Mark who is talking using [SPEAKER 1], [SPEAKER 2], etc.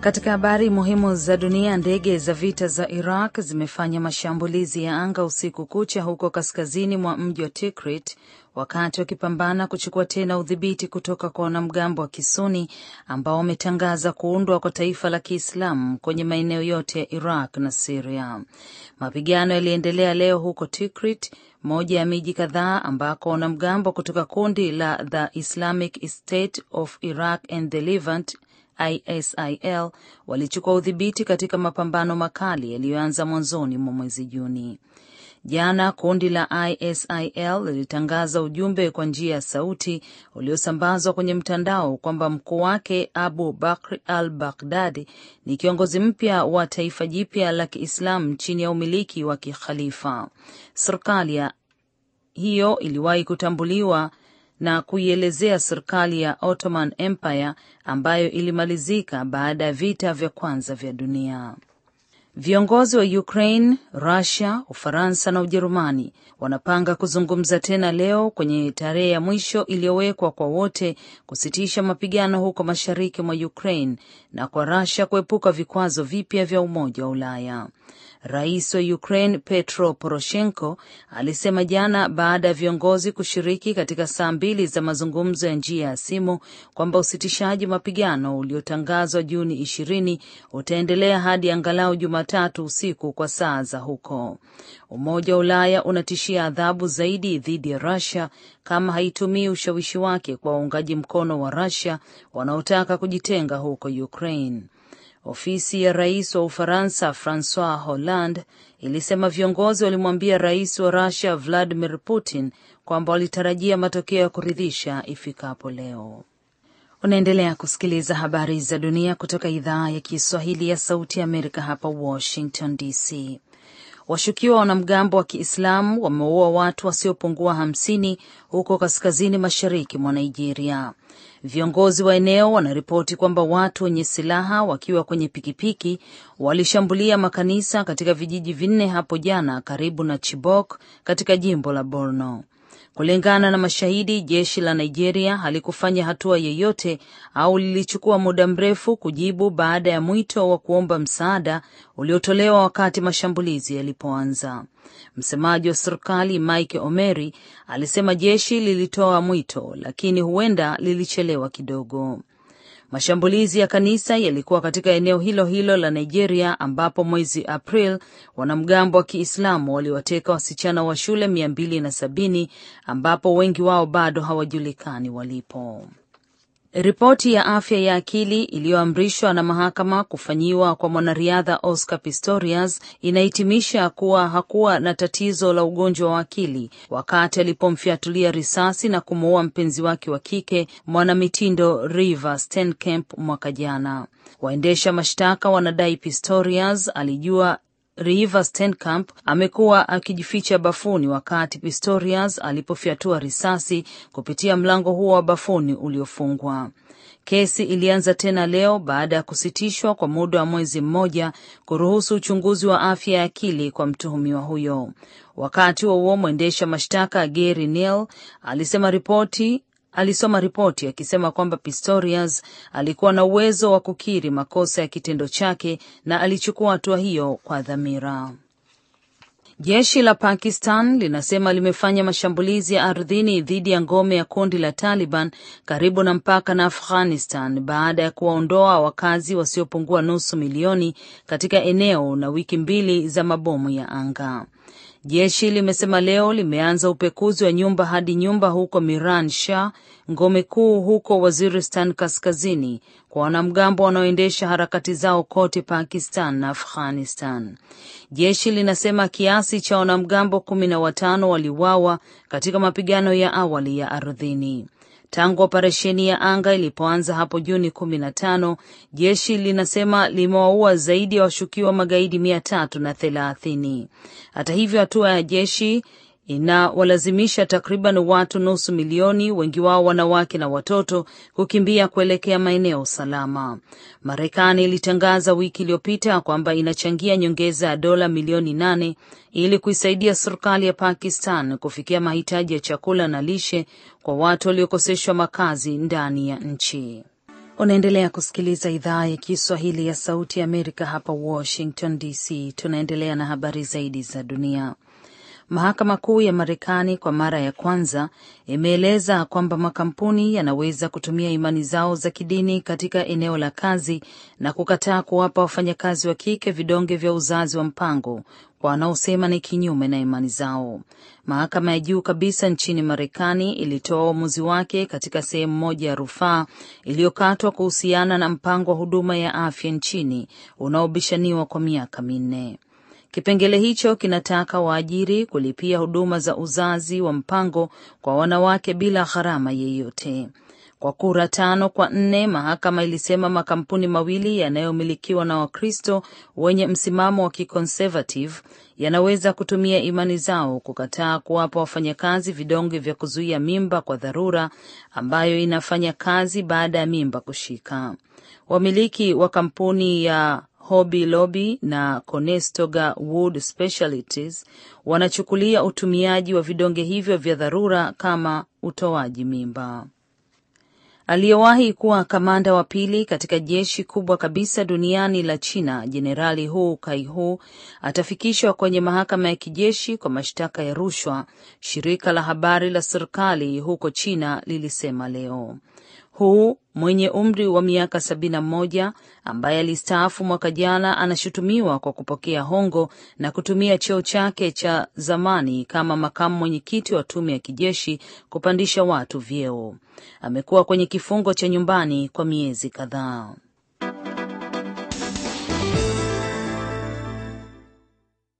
[SPEAKER 1] Katika habari muhimu za dunia, ndege za vita za Iraq zimefanya mashambulizi ya anga usiku kucha huko kaskazini mwa mji wa Tikrit wakati wakipambana kuchukua tena udhibiti kutoka kwa wanamgambo wa Kisuni ambao wametangaza kuundwa kwa taifa la Kiislamu kwenye maeneo yote ya Iraq na Siria. Mapigano yaliendelea leo huko Tikrit, moja ya miji kadhaa ambako wanamgambo kutoka kundi la The Islamic State of Iraq and the Levant ISIL walichukua udhibiti katika mapambano makali yaliyoanza mwanzoni mwa mwezi Juni. Jana kundi la ISIL lilitangaza ujumbe kwa njia ya sauti uliosambazwa kwenye mtandao kwamba mkuu wake Abu Bakr al Baghdadi ni kiongozi mpya wa taifa jipya la Kiislamu chini ya umiliki wa kikhalifa. Serikali hiyo iliwahi kutambuliwa na kuielezea serikali ya Ottoman Empire ambayo ilimalizika baada ya vita vya kwanza vya dunia. Viongozi wa Ukraine, Russia, Ufaransa na Ujerumani wanapanga kuzungumza tena leo kwenye tarehe ya mwisho iliyowekwa kwa wote kusitisha mapigano huko mashariki mwa Ukraine na kwa Russia kuepuka vikwazo vipya vya Umoja wa Ulaya. Rais wa Ukraine Petro Poroshenko alisema jana baada ya viongozi kushiriki katika saa mbili za mazungumzo ya njia ya simu kwamba usitishaji mapigano uliotangazwa Juni ishirini utaendelea hadi angalau Jumatatu usiku kwa saa za huko. Umoja wa Ulaya unatishia adhabu zaidi dhidi ya Rusia kama haitumii ushawishi wake kwa waungaji mkono wa Rusia wanaotaka kujitenga huko Ukraine. Ofisi ya rais wa Ufaransa Francois Hollande ilisema viongozi walimwambia rais wa Rusia Vladimir Putin kwamba walitarajia matokeo ya kuridhisha ifikapo leo. Unaendelea kusikiliza habari za dunia kutoka idhaa ya Kiswahili ya Sauti ya Amerika hapa Washington DC. Washukiwa wanamgambo wa Kiislamu wameua watu wasiopungua hamsini huko kaskazini mashariki mwa Nigeria. Viongozi wa eneo wanaripoti kwamba watu wenye silaha wakiwa kwenye pikipiki walishambulia makanisa katika vijiji vinne hapo jana karibu na Chibok katika jimbo la Borno. Kulingana na mashahidi, jeshi la Nigeria halikufanya hatua yeyote au lilichukua muda mrefu kujibu baada ya mwito wa kuomba msaada uliotolewa wakati mashambulizi yalipoanza. Msemaji wa serikali Mike Omeri alisema jeshi lilitoa mwito, lakini huenda lilichelewa kidogo. Mashambulizi ya kanisa yalikuwa katika eneo hilo hilo la Nigeria ambapo mwezi April wanamgambo wa Kiislamu waliwateka wasichana wa shule mia mbili na sabini ambapo wengi wao bado hawajulikani walipo. Ripoti ya afya ya akili iliyoamrishwa na mahakama kufanyiwa kwa mwanariadha Oscar Pistorius inahitimisha kuwa hakuwa na tatizo la ugonjwa wa akili wakati alipomfyatulia risasi na kumuua mpenzi wake wa kike mwanamitindo Reeva Steenkamp mwaka jana. Waendesha mashtaka wanadai Pistorius alijua Reeva Stenkamp amekuwa akijificha bafuni wakati Pistorius alipofyatua risasi kupitia mlango huo wa bafuni uliofungwa. Kesi ilianza tena leo baada ya kusitishwa kwa muda wa mwezi mmoja kuruhusu uchunguzi wa afya ya akili kwa mtuhumiwa huyo. Wakati huo huo, mwendesha mashtaka Gary Neal alisema ripoti alisoma ripoti akisema kwamba Pistorius alikuwa na uwezo wa kukiri makosa ya kitendo chake na alichukua hatua hiyo kwa dhamira. Jeshi la Pakistan linasema limefanya mashambulizi ya ardhini dhidi ya ngome ya kundi la Taliban karibu na mpaka na Afghanistan baada ya kuwaondoa wakazi wasiopungua nusu milioni katika eneo na wiki mbili za mabomu ya anga. Jeshi limesema leo limeanza upekuzi wa nyumba hadi nyumba huko Miran Shah, ngome kuu huko Waziristan Kaskazini, kwa wanamgambo wanaoendesha harakati zao kote Pakistan na Afghanistan. Jeshi linasema kiasi cha wanamgambo kumi na watano waliuawa katika mapigano ya awali ya ardhini. Tangu operesheni ya anga ilipoanza hapo Juni 15, jeshi linasema limewaua zaidi ya washukiwa magaidi mia tatu na thelathini. Hata hivyo, hatua ya jeshi inawalazimisha takriban watu nusu milioni, wengi wao wanawake na watoto, kukimbia kuelekea maeneo salama. Marekani ilitangaza wiki iliyopita kwamba inachangia nyongeza ya dola milioni nane ili kuisaidia serikali ya Pakistan kufikia mahitaji ya chakula na lishe kwa watu waliokoseshwa makazi ndani ya nchi. Unaendelea kusikiliza idhaa ya Kiswahili ya Sauti ya Amerika hapa Washington DC. Tunaendelea na habari zaidi za dunia. Mahakama Kuu ya Marekani kwa mara ya kwanza imeeleza kwamba makampuni yanaweza kutumia imani zao za kidini katika eneo la kazi na kukataa kuwapa wafanyakazi wa kike vidonge vya uzazi wa mpango kwa wanaosema ni kinyume na imani zao. Mahakama ya juu kabisa nchini Marekani ilitoa uamuzi wake katika sehemu moja ya rufaa iliyokatwa kuhusiana na mpango wa huduma ya afya nchini unaobishaniwa kwa miaka minne. Kipengele hicho kinataka waajiri kulipia huduma za uzazi wa mpango kwa wanawake bila gharama yeyote. Kwa kura tano kwa nne, mahakama ilisema makampuni mawili yanayomilikiwa na Wakristo wenye msimamo wa kiconservative yanaweza kutumia imani zao kukataa kuwapa wafanyakazi vidonge vya kuzuia mimba kwa dharura ambayo inafanya kazi baada ya mimba kushika. Wamiliki wa kampuni ya Hobby Lobby na Conestoga Wood Specialities wanachukulia utumiaji wa vidonge hivyo vya dharura kama utoaji mimba. Aliyewahi kuwa kamanda wa pili katika jeshi kubwa kabisa duniani la China, Jenerali Hu Kaihu atafikishwa kwenye mahakama ya kijeshi kwa mashtaka ya rushwa, shirika la habari la serikali huko China lilisema leo huu mwenye umri wa miaka moja ambaye alistaafu mwaka jana anashutumiwa kwa kupokea hongo na kutumia cheo chake cha zamani kama makamu mwenyekiti wa tume ya kijeshi kupandisha watu vyeo. Amekuwa kwenye kifungo cha nyumbani kwa miezi kadhaa.